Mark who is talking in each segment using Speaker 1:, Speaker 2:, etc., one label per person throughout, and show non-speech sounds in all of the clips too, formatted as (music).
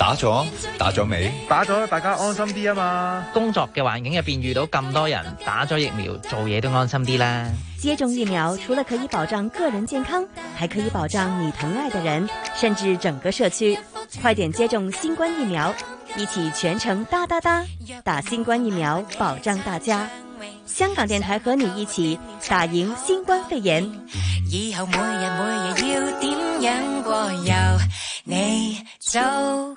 Speaker 1: 打咗，
Speaker 2: 打咗未？打咗，
Speaker 3: 大家安心啲啊嘛！工作嘅環境入邊遇到咁多人打
Speaker 1: 咗疫苗，做嘢都安心啲啦。
Speaker 4: 接種疫苗除了可以保障個人健康，還可以保障你疼愛的人，甚至整個社區。快點接種新冠疫苗，一起全程噠噠噠打新冠疫苗，保障大家。香港電台和你一起打贏新冠肺炎。以後每日每
Speaker 5: 日要點樣過油？你做。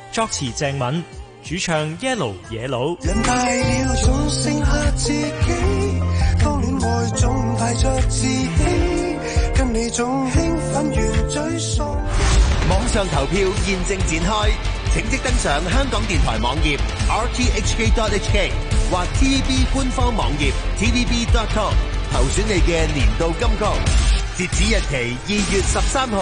Speaker 1: 作詞鄭敏，主唱
Speaker 6: Yellow
Speaker 7: 野佬。網上投票現正展開，請即登上香港電台網頁 rthk.hk 或 TVB 官方網頁 tvb.com 投選你嘅年度金曲，截止日期二月十三號。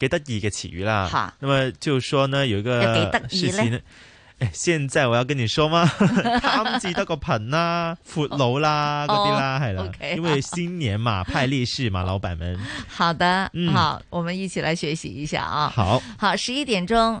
Speaker 1: 幾得意嘅詞語啦，吓！那麼就說呢，有一個事情呢、哎，現在我要跟你說嗎？貪字得個貧、啊、 (laughs) 啦，闊、哦、佬啦，嗰啲啦，係啦。Okay, 因為新年嘛，哦、派利是嘛， (laughs) 老闆們。
Speaker 8: 好的， (laughs) 嗯好，我們一起來學習一下啊。好，好，十一點鐘。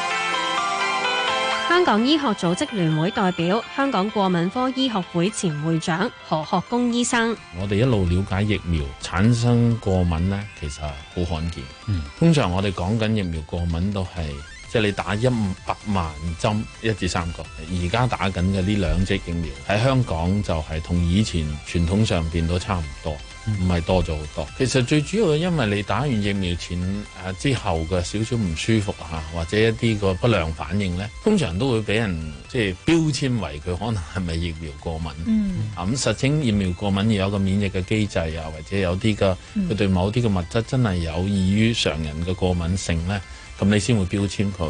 Speaker 4: 香港醫學組織聯會代表、香港過敏科醫學會前會長何學工醫生：
Speaker 9: 我哋一路了解疫苗產生過敏呢，其實好罕見。嗯，通常我哋講緊疫苗過敏都係，即係你打一百萬針一至三個。而家打緊嘅呢兩隻疫苗喺香港就係同以前傳統上邊都差唔多。唔係多咗好多，其實最主要係因為你打完疫苗前之後嘅少少唔舒服嚇，或者一啲個不良反應呢，通常都會俾人即係標籤為佢可能係咪疫苗過敏。嗯。咁，實情疫苗過敏要有一個免疫嘅機制啊，或者有啲嘅佢對某啲嘅物質真係有異於常人嘅過敏性呢，咁你先會標籤佢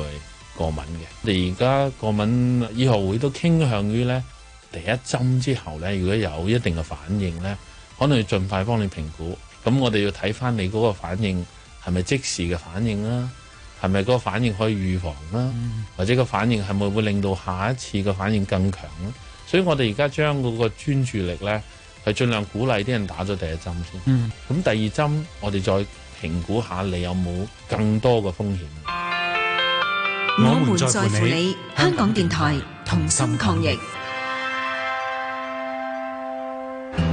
Speaker 9: 過敏嘅。你而家過敏醫學會都傾向於呢。第一針之後呢，如果有一定嘅反應呢，可能要盡快幫你評估，咁我哋要睇翻你嗰個反應係咪即時嘅反應啦，係咪嗰個反應可以預防啦、嗯，或者個反應係咪會令到下一次嘅反應更強咧？所以我哋而家將嗰個專注力呢，係盡量鼓勵啲人打咗第一針先，咁、嗯、第二針我哋再評估下你有冇更多嘅風險。我們在乎你，
Speaker 4: 香港電台
Speaker 10: 同心抗疫。.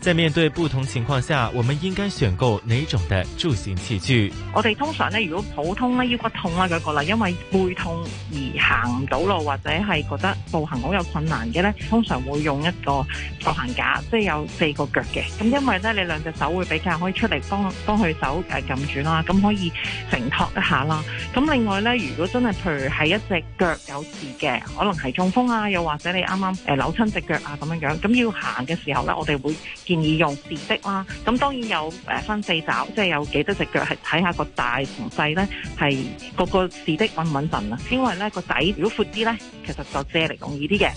Speaker 1: 在面對不同情況下，我們應該選購哪種的助行器具？
Speaker 11: 我哋通
Speaker 12: 常咧，如果普通咧腰骨痛啦嗰個啦，因為背痛而行唔到路，或者係覺得步行好有困難嘅咧，通常會用一個助行架，即係有四個腳嘅。咁因為咧，你兩隻手會比較可以出嚟幫幫佢手誒撳住啦，咁可以承托一下啦。咁另外咧，如果真係譬如係一隻腳有事嘅，可能係中風啊，又或者你啱啱誒扭親隻腳啊咁樣樣，咁要行嘅時候咧，我哋會。建議用士的啦、啊，咁當然有誒分，呃、四爪，即係有幾多隻腳係睇下個大同細咧，係個個士的穩唔穩陣啊？因為咧個底如果闊啲咧，其實就借力容易啲嘅。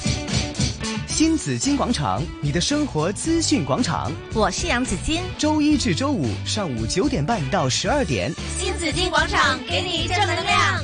Speaker 2: 新紫荊廣場，你的生活資訊廣場。我係楊子矜，周一至周五上午九點半到十二點。
Speaker 10: 新紫
Speaker 5: 荊
Speaker 4: 廣場，給你正能量。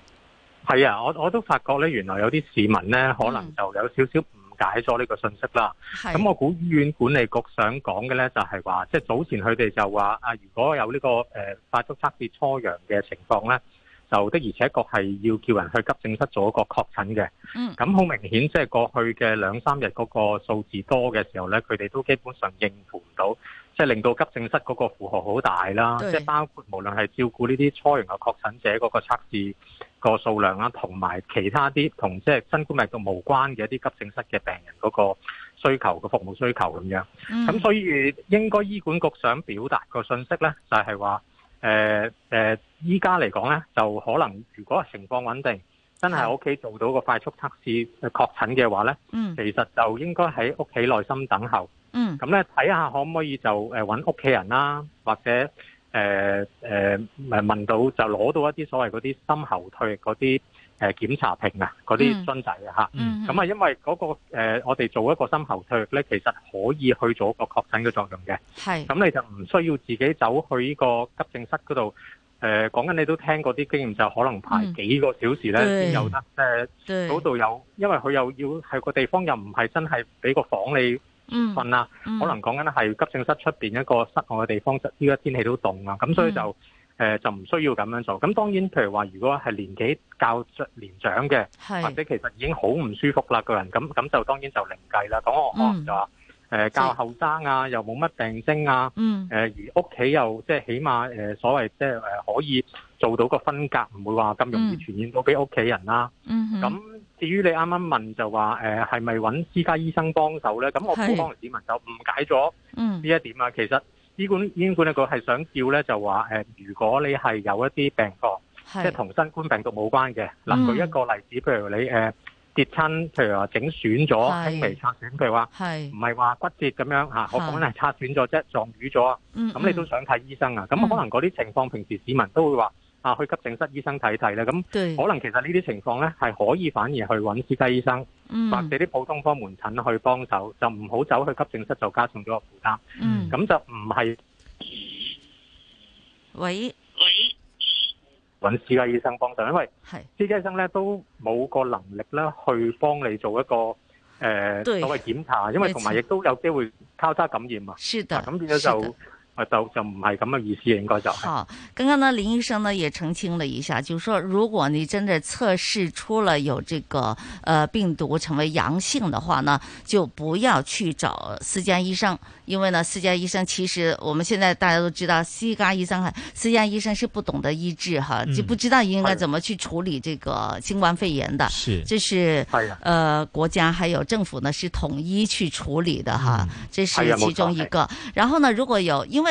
Speaker 13: 係啊，我我都發覺咧，原來有啲市民咧、嗯，可能就有少少誤解咗呢個信息啦。咁、嗯、我估醫院管理局想講嘅咧，就係、是、話，即、就、係、是、早前佢哋就話啊，如果有呢、這個誒快速測試初陽嘅情況咧，就的而且確係要叫人去急症室做一個確診嘅。咁、嗯、好明顯，即、就、係、是、過去嘅兩三日嗰個數字多嘅時候咧，佢哋都基本上應付唔到，即、就、係、是、令到急症室嗰個負荷好大啦。即係包括無論係照顧呢啲初陽嘅確診者嗰個測試，個數量啦、啊，同埋其他啲同即係新冠病毒無關嘅一啲急症室嘅病人嗰個需求，個服務需求咁樣。咁、嗯、所以應該醫管局想表達個信息呢，就係話誒誒，依家嚟講呢，就可能如果情況穩定，真係喺屋企做到個快速測試嘅確診嘅話呢、嗯，其實就應該喺屋企耐心等候。咁、嗯、呢，睇下可唔可以就誒揾屋企人啦、啊，或者。誒、呃、誒，問、呃、到就攞到一啲所謂嗰啲深喉唾液嗰啲誒檢查瓶，瓶、嗯嗯、啊，嗰啲樽仔啊吓，咁啊因為嗰、那個誒、呃、我哋做一個深喉唾液咧，其實可以去做一個確診嘅作用嘅，係，咁你就唔需要自己走去呢個急症室嗰度，誒講緊你都聽過嗰啲經驗就可能排幾個小時咧先、嗯、有得，誒嗰度有，因為佢又要係、那個地方又唔係真係俾個房你。瞓、嗯、啦、嗯，可能講緊咧係急症室出邊一個室外嘅地方，依家天氣都凍啊，咁所以就誒、嗯呃、就唔需要咁樣做。咁當然，譬如話如果係年紀較年長嘅，或者其實已經好唔舒服啦個人，咁咁就當然就另計啦。咁我可能就話誒、嗯呃、較後生啊，又冇乜病徵啊，誒、嗯呃、而屋企又即係起碼誒、呃、所謂即係誒可以做到個分隔，唔會話咁容易傳染到俾屋企人啦。咁、嗯嗯至於你啱啱問就話誒係咪揾私家醫生幫手咧？咁我幫啲市民就誤解咗呢一點啊。嗯、其實醫管醫院管咧佢係想叫咧就話、呃、如果你係有一啲病況，即係同新冠病毒冇關嘅，嗱舉一個例子，譬如你誒、呃、跌親，譬如話整損咗輕微擦損，譬如話唔係話骨折咁樣嚇、啊，我咁樣咧擦損咗啫，撞瘀咗，咁、嗯、你都想睇醫生啊？咁、嗯、可能嗰啲情況、嗯，平時市民都會話。啊！去急症室醫生睇睇啦，咁可能其實呢啲情況呢，係可以反而去揾私家醫生，嗯、或者啲普通科門診去幫手，就唔好走去急症室就加重咗個負擔。咁、嗯、就唔係。喂喂，揾私家醫生幫手，因為私家醫生呢都冇個能力咧去幫你做一個誒、呃、所謂檢查，因為同埋亦都有機會交叉感染嘛。咁、啊、變咗就。就就唔係咁嘅意思，應該就是。
Speaker 8: 好，剛剛呢林醫生呢也澄清了一下，就是、說如果你真的測試出了有這個，呃病毒成為陽性的話呢，就不要去找私家醫生，因為呢私家醫生其實我們現在大家都知道，私家醫生私家醫生是不懂得醫治哈、嗯，就不知道應該怎麼去處理這個新冠肺炎的。是。這是。是啊、呃，國家還有政府呢，是統一去處理的哈、嗯，這是其中一個。啊、然後呢，如果有因為。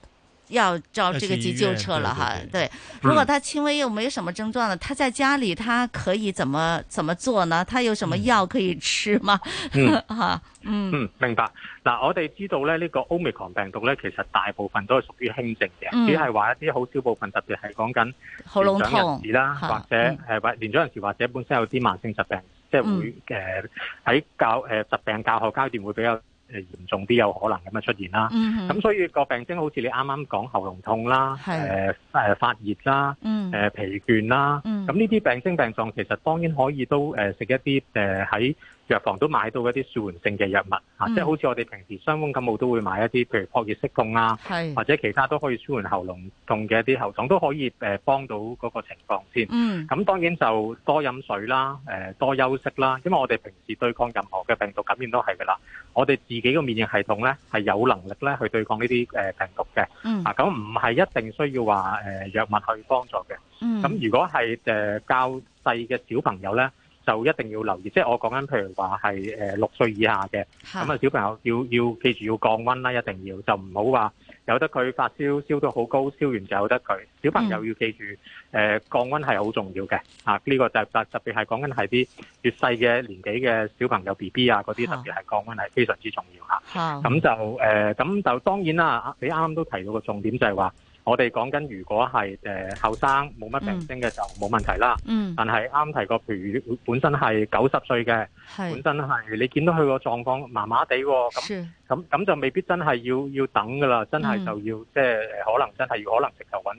Speaker 8: 要招這個急救車了哈，對，對，對，對、嗯。如果他輕微又沒什麼症狀呢？他在家裏，他可以怎麼怎麼做呢？他有什麼藥可以吃嗎？嗯，哈、 (laughs) 嗯，嗯，
Speaker 13: (laughs) 嗯。嗯，明白。嗱、啊，我哋知道咧，呢、這個 Omicron 病毒咧，其實大部分都係屬於輕症嘅、嗯，只係話一啲好少部分，特別係講緊年長人士啦，或者誒，或、嗯呃、年長人士或者本身有啲慢性疾病，嗯、即係會誒喺教誒疾病教學階段會比較。誒嚴重啲有可能咁樣出現啦，咁、嗯、所以個病徵好似你啱啱講喉嚨痛啦，誒誒、呃、發熱啦，誒、嗯呃、疲倦啦，咁呢啲病徵病狀其實當然可以都誒食、呃、一啲誒喺。呃藥房都買到一啲舒緩性嘅藥物、嗯，啊，即係好似我哋平時傷風感冒都會買一啲，譬如撲熱息痛啊，係、或者其他都可以舒緩喉嚨痛嘅一啲喉痛，都可以誒、呃、幫到嗰個情況先。咁、嗯、當然就多飲水啦，誒、呃、多休息啦，因為我哋平時對抗任何嘅病毒感染都係嘅啦。我哋自己嘅免疫系統咧係有能力咧去對抗呢啲誒病毒嘅、嗯，啊咁唔係一定需要話誒、呃、藥物去幫助嘅。咁、嗯、如果係誒較細嘅小朋友咧。就一定要留意，即係我講緊，譬如話係六歲以下嘅，咁啊小朋友要要記住要降溫啦，一定要就唔好話由得佢發燒燒到好高，燒完就由得佢。小朋友要記住、嗯呃、降溫係好重要嘅，啊呢、這個就特、是、特別係講緊係啲越細嘅年紀嘅小朋友 B B 啊嗰啲、啊，特別係降溫係非常之重要
Speaker 14: 嚇。咁、啊、
Speaker 13: 就誒，咁、呃、就當然啦，你啱啱都提到個重點就係話。我哋講緊，如果係誒後生冇乜病徵嘅就冇問題啦。嗯，但係啱提過譬如本身係九十歲嘅，係本身係你見到佢個狀況麻麻地喎，咁咁咁就未必真係要要等噶啦，真係就要、嗯、即係可能真係要可能直頭揾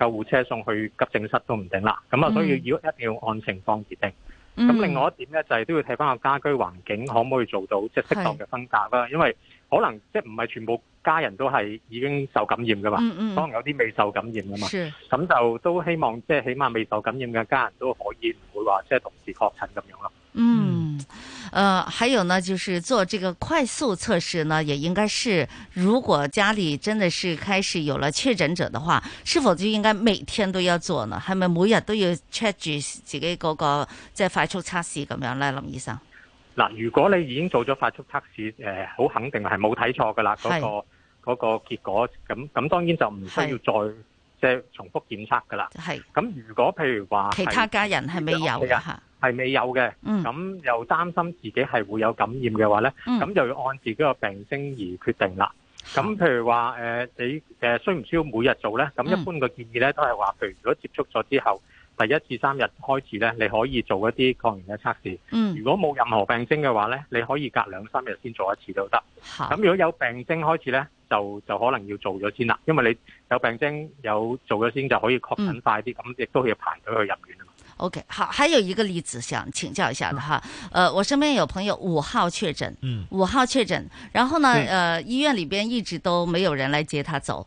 Speaker 13: 救護車送去急症室都唔定啦。咁、嗯、啊、嗯，所以要一定要按情況決定。
Speaker 14: 咁、嗯、另外
Speaker 13: 一點咧、就係，就係都要睇翻個家居環境可唔可以做到即係適度嘅分隔啦，因為。可能即係唔係全部家人都係已經受感染噶嘛，可能有啲未受感染噶嘛。咁、嗯嗯、就都希望即係起碼未受感染嘅家人都可以唔會話即係同時確診咁
Speaker 8: 樣咯。嗯，誒、呃，還有呢，就是做這個快速測試呢，也應該是如果家裏真的是開始有了確診者的話，是否就應該每天都要做呢？係咪每日都要 check 住自己 𠮶 個即係快速測試咁樣咧，林醫生？
Speaker 13: 嗱，如果你已經做咗快速測試，誒、呃、好肯定係冇睇錯噶啦，嗰、個嗰、個、結果，咁咁當然就唔需要再即係重複檢測噶啦。係。咁如果譬如話其他家人係未有嘅嚇，係未有嘅，咁又擔心自己係會有感染嘅話咧，咁、嗯、就要按自己個病徵而決定啦。咁譬如話誒、呃，你誒、呃、需唔需要每日做咧？咁一般嘅建議咧都係話，譬如如果接觸咗之後，第一至三日開始呢，你可以做一啲抗原嘅測試。嗯，如果冇任何病徵嘅話呢，你可以隔兩三日先做一次都得。咁如果有病徵開始呢，就就可能要做咗先啦。因為你有病徵有做咗先就可以確診快啲，咁、嗯、亦都要排隊去入院啊。
Speaker 8: OK，好，還有一個例子想請教一下的哈。呃、嗯啊，我身邊有朋友五號確診，五號確診，然後呢，呃、嗯啊，醫院裏邊一直都沒有人來接他走。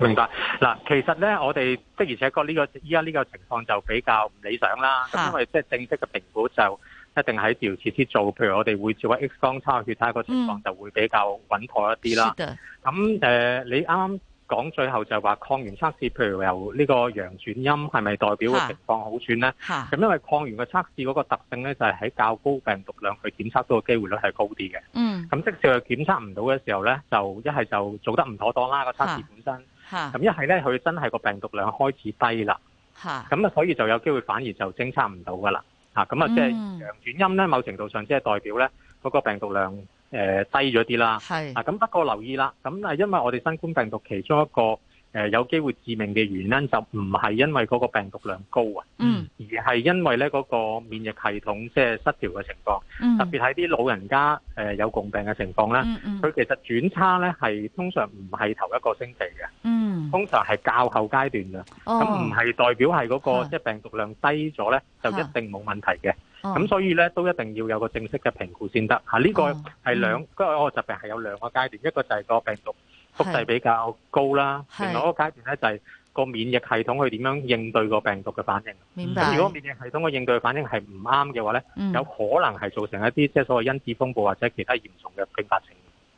Speaker 13: 明白嗱，其實咧，我哋的而且確呢個依家呢個情況就比較唔理想啦。咁因為即係正式嘅評估就一定喺調設施做，譬如我哋會做個 X 光抽血睇下個情況，就會比較穩妥一啲啦。咁誒、呃，你啱啱講最後就話抗原測試，譬如由呢個陽轉陰，係咪代表個情況好轉咧？咁因為抗原嘅測試嗰個特性咧，就係喺較高病毒量去檢測到嘅機會率係高啲嘅。咁即使佢檢測唔到嘅時候咧，就一係就做得唔妥當啦，個測試本身。咁一係咧，佢真係個病毒量開始低啦，咁啊，所以就有機會反而就偵測唔到噶啦，咁啊，即係陽轉陰咧，某程度上即係代表咧，嗰個病毒量誒低咗啲啦，啊，咁不過留意啦，咁啊，因為我哋新冠病毒其中一個，誒、呃，有機會致命嘅原因就唔係因為嗰個病毒量高啊、
Speaker 14: 嗯，而
Speaker 13: 係因為咧嗰個免疫系統即係失調嘅情況。嗯、特別係啲老人家、呃、有共病嘅情況咧，佢、嗯嗯、其實轉差咧係通常唔係頭一個星期嘅、
Speaker 14: 嗯，通
Speaker 13: 常係較後階段嘅。咁唔係代表係嗰、嗰個即、即係、病毒量低咗咧，就一定冇問題嘅。咁、哦、所以咧都一定要有個正式嘅評估先得。嚇、啊，呢、呢個係兩，因、哦嗰個疾病係有兩個階段，哦、一個就係個病毒。複製比較高啦，另外一個階段咧就係個免疫系統去點樣應對個病毒嘅反應。
Speaker 14: 明白。咁如果免疫系
Speaker 13: 統嘅應對反應係唔啱嘅話咧、嗯，有可能係造成一啲即係所謂因子風暴或者其他嚴
Speaker 14: 重嘅併發症。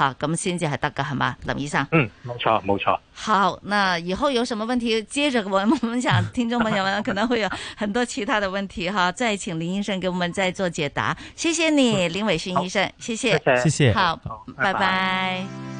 Speaker 8: 好，咁先至係得噶，係嘛，林醫生。嗯，冇錯冇錯。好，那以後有什麼問題，接着我我們想聽眾朋友們可能會有很多其他的問題哈， (laughs) 再請林醫生給我們再做解答。謝謝你，嗯、林緯遜醫生，謝謝，謝謝，好，拜拜。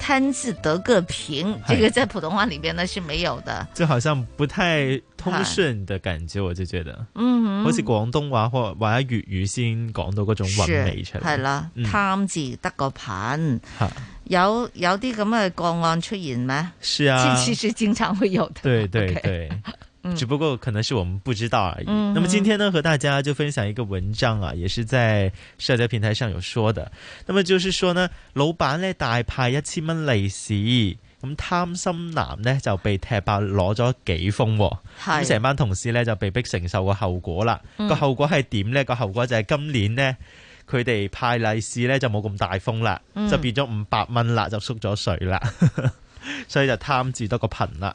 Speaker 8: 貪字得個貧，這個在普通話裏邊呢是沒有的，
Speaker 1: 就好像不太通順的感覺，我就覺得，嗯，好似廣東話或或者粵語先講到嗰種韻味出嚟，係啦，貪
Speaker 8: 字得個貧，有有啲咁嘅個案出現咩？係啊，其實經常會有的，
Speaker 1: 對對對，okay。對只不過可能是我們不知道而已。那麼今天呢，和大家就分享一個文章啊，也是在社交平台上有說的。那麼就是說呢，老闆咧大派一千蚊利是，咁貪心男呢就被踢爆攞咗幾封，咁成班同事咧就被逼承受了後了個後果啦。個後果係點呢？個後果就係今年呢，佢哋派利是咧就冇咁大封啦，就變咗五百蚊啦，就縮咗水啦， (laughs) 所以就貪字多個貧啦。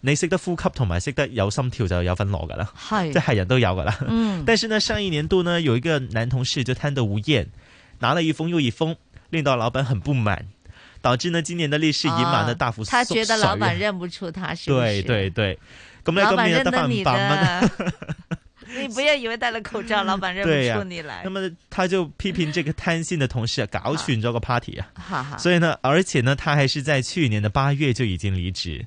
Speaker 1: 你識得呼吸同埋識得有心跳就有份攞噶啦，即係人都有噶啦。嗯，但是呢，上一年度呢，有一個男同事就貪得無厭，拿了一封又一封，令到老闆很不滿，導致呢今年的利是隱瞞的大幅，哦。他覺得老闆
Speaker 8: 認不出他，是。對對
Speaker 1: 對，咁老闆認得你的，嗯， (laughs) 你不要以為
Speaker 8: 戴了口罩，嗯，老闆認不出你來，啊。那麼
Speaker 1: 他就批評這個貪心的同事，啊，搞去唔着個 party 啊，啊，啊，啊。所以呢，而且呢，他還是在去年的八月就已經離職。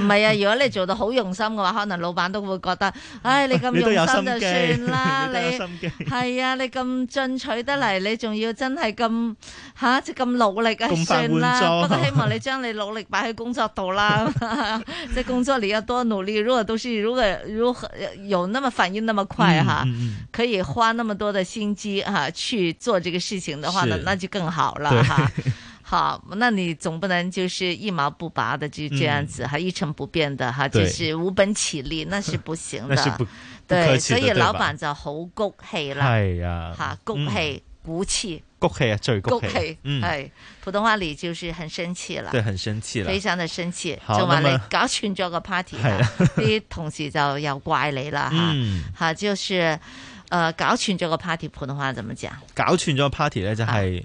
Speaker 8: 唔係啊，如果你做到好用心嘅話，可能老闆都會覺得，唉、哎，你咁，用心就算啦，你，係 (laughs) 啊，你咁進取得嚟，你仲要真係咁，吓即咁努力啊，算啦。不過希望你將你努力擺喺工作度啦，即 (laughs) 係 (laughs) 工作你要多努力。如果都是如果如何有那麼反應那麼快哈、嗯啊，可以花那麼多的心機哈、啊、去做這個事情的話呢，那就更好啦哈。好，那你總不能就是一毛不拔的，就這樣子，哈、嗯，一成不變的，哈，就是無本起利，那是不行的。 (laughs) 的對，對，所以老闆就好谷氣啦。係、哎、
Speaker 1: 啊，吓谷氣、
Speaker 8: 谷氣、
Speaker 1: 谷氣、嗯、啊，最谷氣。嗯，係
Speaker 8: 普通話裏就是很生氣了對，
Speaker 1: 很生氣了非常
Speaker 8: 的生氣。仲話你搞串咗個 party，啲 (laughs) 同事就要怪你啦。嗯，吓就是誒、呃，搞串咗個 party，普通話怎麼講？
Speaker 1: 搞串咗個 party 咧、啊，就係。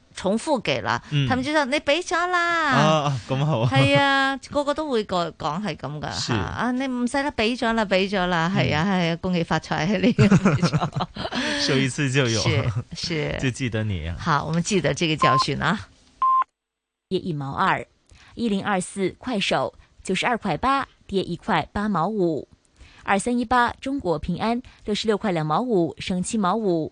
Speaker 8: 重複了、嗯、他們知道你俾咗啦，
Speaker 1: 啊咁好，係啊，
Speaker 8: 個個都會個講係咁噶，啊你唔使啦，俾咗啦，俾咗啦，係、嗯、啊，係恭喜發財，俾咗，
Speaker 1: 收 (laughs) 一次就有，是是， (laughs) 就記得你、啊，
Speaker 10: 好，我們記得這個教訓啊，跌一毛二，一零二四快手九十二塊八跌一塊八毛五，二三一八中國平安六十六塊兩毛五升七毛五。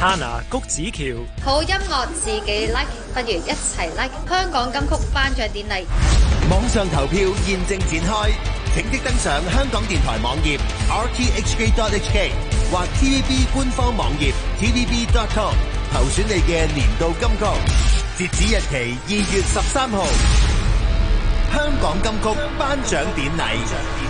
Speaker 7: Hana 谷子橋，
Speaker 8: 好音樂自己 like，不如一齊 like。香港金曲頒獎典禮，
Speaker 7: 網上投票現正展開，請即登上香港電台網頁 rthk.hk 或 TVB 官方網頁 tvb.com 投選你嘅年度金曲，截止日期二月十三號。香港金曲頒獎典禮。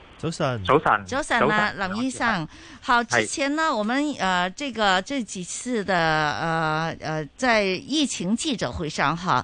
Speaker 1: 早晨，早晨，早晨啊，
Speaker 8: 林醫生，好。之前呢，我們呃，這個這幾次的呃，呃，在疫情記者會上哈。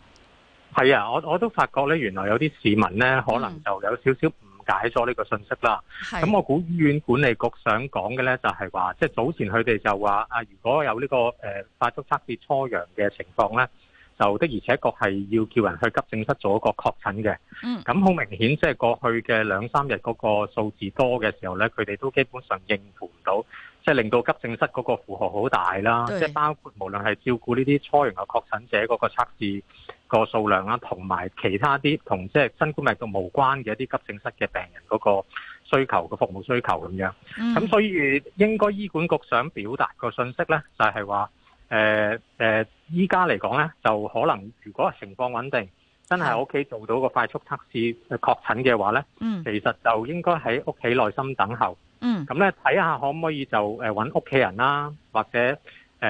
Speaker 13: 係啊，我我都發覺咧，原來有啲市民咧、嗯，可能就有少少誤解咗呢個信息啦。咁、嗯、我估醫院管理局想講嘅咧，就係、是、話，即、就、係、是、早前佢哋就話啊，如果有、這個呃、發足呢個誒快速測試初陽嘅情況咧，就的而且確係要叫人去急症室做一個確診嘅。嗯。咁好明顯，即、就、係、是、過去嘅兩三日嗰個數字多嘅時候咧，佢哋都基本上應付唔到，即、就、係、是、令到急症室嗰個負荷好大啦。即係包括無論係照顧呢啲初陽嘅確診者嗰個測試。個數量啦，同埋其他啲同即係新冠病毒無關嘅一啲急症室嘅病人嗰個需求個服務需求咁樣，咁、嗯、所以應該醫管局想表達個信息呢，就係、是、話，誒、呃、誒，依家嚟講呢，就可能如果情況穩定，真係屋企做到個快速測試確診嘅話呢、嗯，其實就應該喺屋企耐心等候，咁、嗯、呢，睇下可唔可以就誒揾屋企人啦、啊，或者。誒、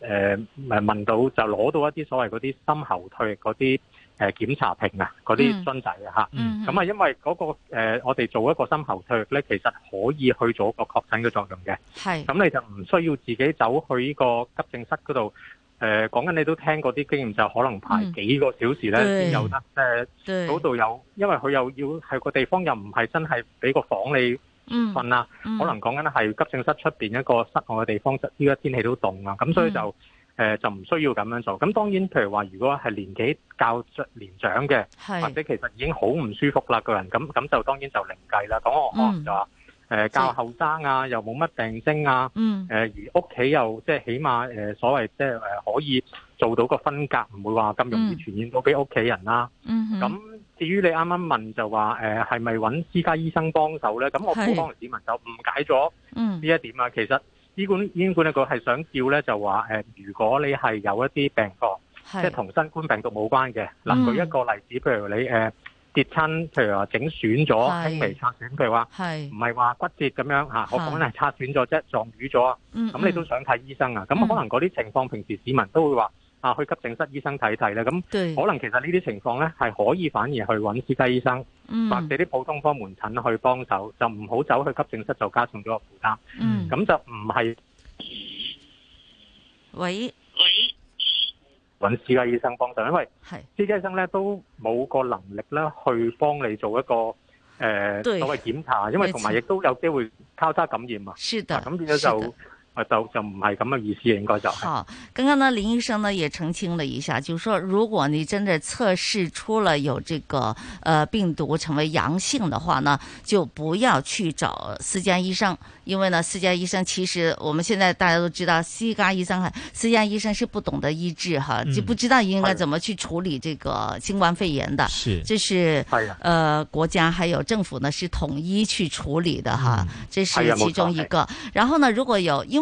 Speaker 13: 呃、誒，問、呃、到就攞到一啲所謂嗰啲深喉唾液嗰啲誒檢查瓶啊，嗰啲樽仔啊，嗯咁、嗯、啊，因為嗰、嗰個、呃、我哋做一個深喉唾液咧，其實可以去做一個確診嘅作用嘅。咁你就唔需要自己走去呢個急症室嗰度。誒、呃，講緊你都聽過嗰啲經驗，就可能排幾個小時咧先、嗯、有得。誒、呃，嗰度有，因為佢又要係、嗰個地方又唔係真係俾個房你。瞓、嗯、啦、嗯，可能講緊係急症室出邊一個室外嘅地方，依家天氣都凍啊，咁所以就誒、嗯、呃、就唔需要咁樣做。咁當然，譬如話如果係年紀較年長嘅，或者其實已經好唔舒服啦個人，咁咁就當然就另計啦。咁我可能就話誒、嗯、呃、較後生啊，又冇乜病徵啊，誒、嗯、呃、而屋企又即係起碼誒、呃、所謂即係誒可以做到個分隔，唔會話咁容易傳染到俾屋企人啦。咁、嗯至於你啱啱問就話誒係咪揾私家醫生幫手咧？咁我普通市民就誤解咗呢一點啊。嗯、其實醫管醫院管咧佢係想叫咧就話誒、呃，如果你係有一啲病況，即係同新冠病毒冇關嘅，嗱舉一個例子，譬如你誒、呃、跌親，譬如話整損咗輕微擦損，譬如話唔係話骨折咁樣嚇、啊，我講緊係擦損咗啫，撞瘀咗，咁、嗯、你都想睇醫生啊？咁、嗯、可能嗰啲情況、嗯，平時市民都會話。啊！去急症室醫生睇睇啦，咁可能其實呢啲情況咧係可以反而去揾私家醫生，嗯、或者啲普通科門診去幫手，就唔好走去急症室，就加重咗個負擔。咁、嗯、就唔係。喂喂，揾私家醫生幫手，因為私家醫生咧都冇個能力咧去幫你做一個誒、呃、所謂檢查，因為同埋亦都有機會交叉感染啊。咁變咗就。啊，就就唔係咁嘅意思，應該就是。
Speaker 8: 好，剛剛呢林醫生呢也澄清了一下，就是說如果你真的測試出了有這個，呃病毒，成為陽性的話呢，就不要去找私家醫生，因為呢私家醫生其實我們現在大家都知道，私家醫生私家醫生是不懂得醫治哈，就不知道應該怎麼去處理這個新冠肺炎的。是、嗯，這是，是啊、呃國家還有政府呢是統一去處理的哈、嗯，這是其中一個。啊、然後呢，如果有因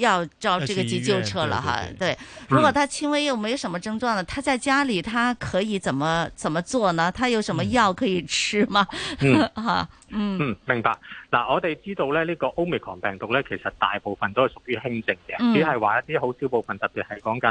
Speaker 8: 要照這個急救車了哈，對，對，對，對、嗯。如果他輕微又沒有什麼症狀呢？他在家裡，他可以怎麼怎麼做呢？他有什麼藥可以吃嗎？嗯，啊、 (laughs) 嗯，嗯， (laughs) 嗯，嗯
Speaker 13: 明白。嗱、啊，我哋知道咧，呢、這個奧密克戎病毒咧，其實大部分都係屬於輕症嘅、嗯，只係話一啲好少部分，特別係講緊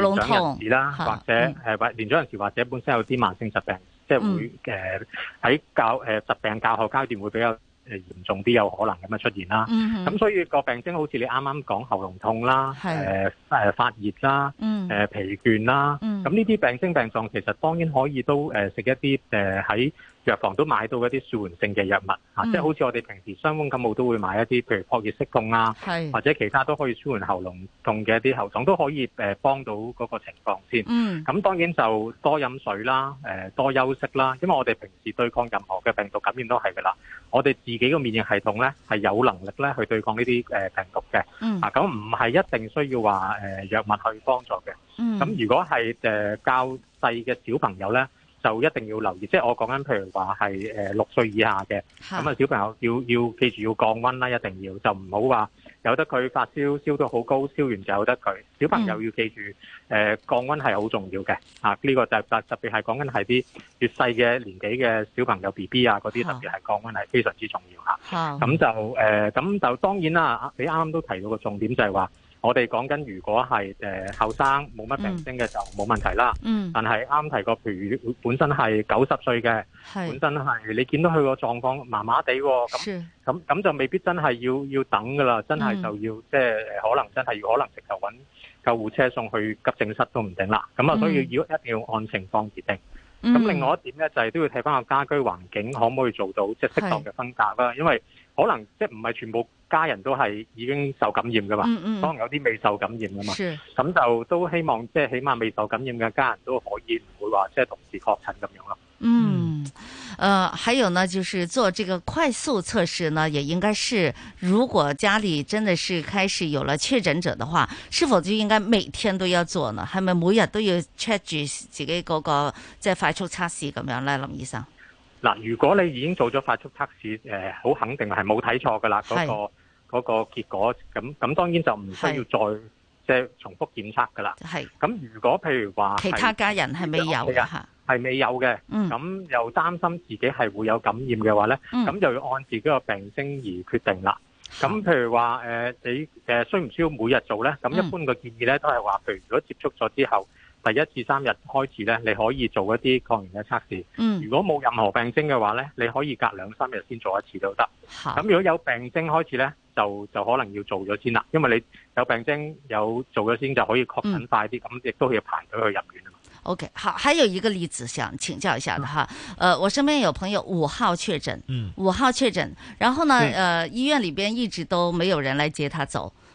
Speaker 13: 年長人士啦，或者誒或、嗯呃、年長人士或者本身有啲慢性疾病，嗯、即係會誒喺教誒疾病教學階段會比較。誒嚴重啲有可能咁樣出現啦，咁、嗯、所以個病徵好似你啱啱講喉嚨痛啦，誒誒、呃、發熱啦，誒、嗯呃、疲倦啦，咁呢啲病徵病狀其實當然可以都誒食、呃、一啲誒喺，呃藥房都買到一啲舒緩性嘅藥物，吓、嗯啊，即係好似我哋平時傷風感冒都會買一啲，譬如撲熱息痛啊，係，或者其他都可以舒緩喉嚨痛嘅一啲喉糖，都可以誒幫、呃、到嗰個情況先。咁、嗯、當然就多飲水啦，誒、呃、多休息啦，因為我哋平時對抗任何嘅病毒感染都係噶啦，我哋自己個免疫系統咧係有能力咧去對抗呢啲誒病毒嘅、嗯，啊咁唔係一定需要話誒藥物去幫助嘅。咁、嗯、如果係誒較細嘅小朋友咧。就一定要留意，即係我講緊，譬如話係誒六歲以下嘅，咁啊小朋友要要記住要降溫啦，一定要就唔好話由得佢發燒燒到好高，燒完就由得佢。小朋友要記住，誒、嗯呃、降溫係好重要嘅，啊呢、這個就是、特特別係講緊係啲越細嘅年紀嘅小朋友 B B 啊嗰啲，特別係降溫係非常之重要
Speaker 14: 吓。咁
Speaker 13: 就誒，咁、呃、就當然啦，你啱啱都提到個重點就係話。我哋講緊，如果係誒後生冇乜病徵嘅就冇問題啦。嗯。但係啱提過，譬如本身係九十歲嘅，係本身係你見到佢個狀況麻麻地喎，是。咁咁、嗯、就未必真係要要等噶啦，真係就要、嗯、即係可能真係可能直頭揾救護車送去急症室都唔定啦。咁啊，所以要一定要按情況決定。
Speaker 14: 嗯。咁另外
Speaker 13: 一點咧，就係、是、都要睇翻個家居環境可唔可以做到即係適當嘅分隔啦，因為。可能即係唔係全部家人都係已經受感染噶嘛，可能有啲未受感染噶嘛，咁、嗯嗯、就都希望即係起碼未受感染嘅家人都可以唔會話即係同時確診咁樣咯。嗯，
Speaker 8: 誒、嗯呃，還有呢，就是做這個快速測試呢，也應該是如果家裏真的是開始有了確診者的話，是否就應該每天都要做呢？係咪每日都要 check 住自己個個即係快速測試咁樣咧，林醫生？嗱，
Speaker 13: 如果你已經做咗快速測試，誒、呃、好肯定係冇睇錯噶啦，嗰、嗰個嗰、嗰個、結果，咁咁當然就唔需要再即係重複檢測噶啦。係。咁如果譬如話，其他家人係未有嚇，係未有嘅。咁、嗯、又擔心自己係會有感染嘅話咧，咁、嗯、就要按自己個病徵而決定啦。咁、嗯、譬如話，誒、呃、你誒、呃、需唔需要每日做咧？咁一般嘅建議咧都係話，譬如如果接觸咗之後。第一至三日開始呢，你可以做一啲抗原嘅測試。嗯，如果冇任何病徵嘅話呢，你可以隔兩三日先做一次都得。咁、嗯、如果有病徵開始呢就就可能要做咗先啦。因為你有病徵有做咗先就可以確診快啲，咁、嗯、亦都要排
Speaker 14: 隊去入院啊嘛。
Speaker 8: OK，好，還有一個例子想請教一下的哈。呃、嗯啊，我身邊有朋友五號確診，嗯，五號確診，然後呢，呃、嗯啊，醫院裏邊一直都沒有人來接他走。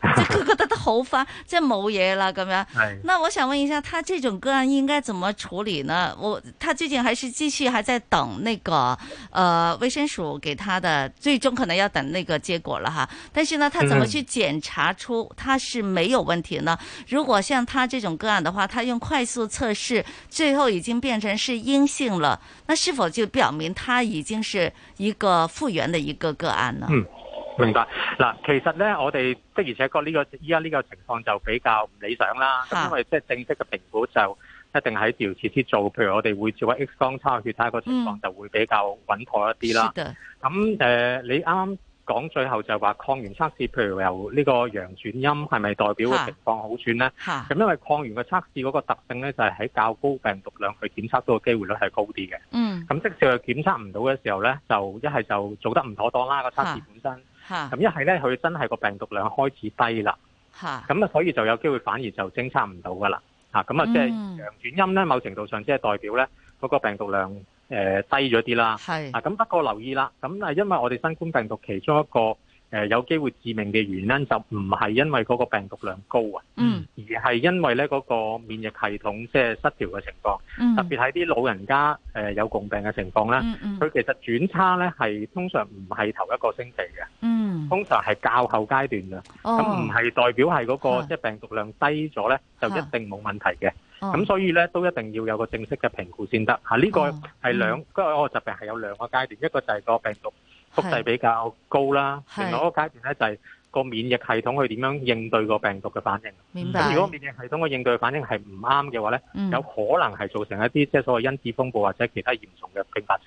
Speaker 8: (laughs) 這係覺得都好翻真冇嘢啦，咁樣。那我想問一下，他這種個案應該怎麼處理呢？我，他最近還是繼續還在等那個，呃，衛生署給他的最終可能要等那個結果了哈。但是呢，他怎麼去檢查出他是沒有問題呢？嗯。如果像他這種個案的話，他用快速測試最後已經變成是陰性了，那是否就表明他已經是一個復原的一個個案呢？嗯。
Speaker 13: 明白嗱，其實咧，我哋的而且確呢、這個依家呢個情況就比較唔理想啦。咁因為即係正式嘅評估就一定喺調設施做，譬如我哋會照 X 光抽血睇下個情況，就會比較穩妥一啲啦。咁誒、呃，你啱啱講最後就話抗原測試，譬如由呢個陽轉陰，係咪代表個情況好轉咧？咁因為抗原嘅測試嗰個特性咧，就係喺較高病毒量去檢測到嘅機會率係高啲嘅。嗯。咁即使佢檢測唔到嘅時候咧，就一係就做得唔妥當啦，個測試本身。咁一係咧，佢真係個病毒量開始低啦，咁啊，所以就有機會反而就偵測唔到噶啦，咁啊，即係陽轉陰咧，某程度上即係代表咧嗰個病毒量、呃、低咗啲啦，啊咁不過留意啦，咁係因為我哋新冠病毒其中一個。誒、呃，有機會致命嘅原因就唔係因為嗰個病毒量高啊、
Speaker 14: 嗯，而
Speaker 13: 係因為咧嗰、嗰個免疫系統即係失調嘅情況。嗯、特別係啲老人家，呃、有共病嘅情況咧，佢、嗯嗯、其實轉差咧係通常唔係頭一個星期嘅、
Speaker 14: 嗯，通
Speaker 13: 常係較後階段。咁唔係代表係嗰、嗰個即係、就是、病毒量低咗咧，就一定冇問題嘅。咁、哦、所以咧都一定要有個正式嘅評估先得。嚇、啊，呢、呢個係兩，我個疾病係有兩個階段，一個就係個病毒。幅複比較高啦，另外一個階段咧就係個免疫系統去點樣應對個病毒嘅反應。
Speaker 8: 明白。咁，如果
Speaker 13: 免疫系統嘅應對反應係唔啱嘅話咧、嗯，有可能係造成一啲即係所謂因子風暴或者其他嚴重嘅併發症。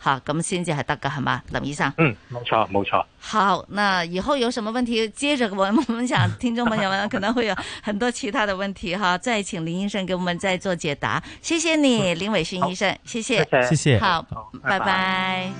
Speaker 8: 好，咁先至係得噶，係嘛，林醫生。嗯，冇
Speaker 13: 錯，冇錯。
Speaker 8: 好，那以後有什麼問題，接着我我們想聽眾朋友們可能會有很多其他的問題，哈， (laughs) 再請林醫生給我們再做解答。謝謝你，嗯、林緯遜醫生，謝謝，謝謝，好，
Speaker 14: 拜拜。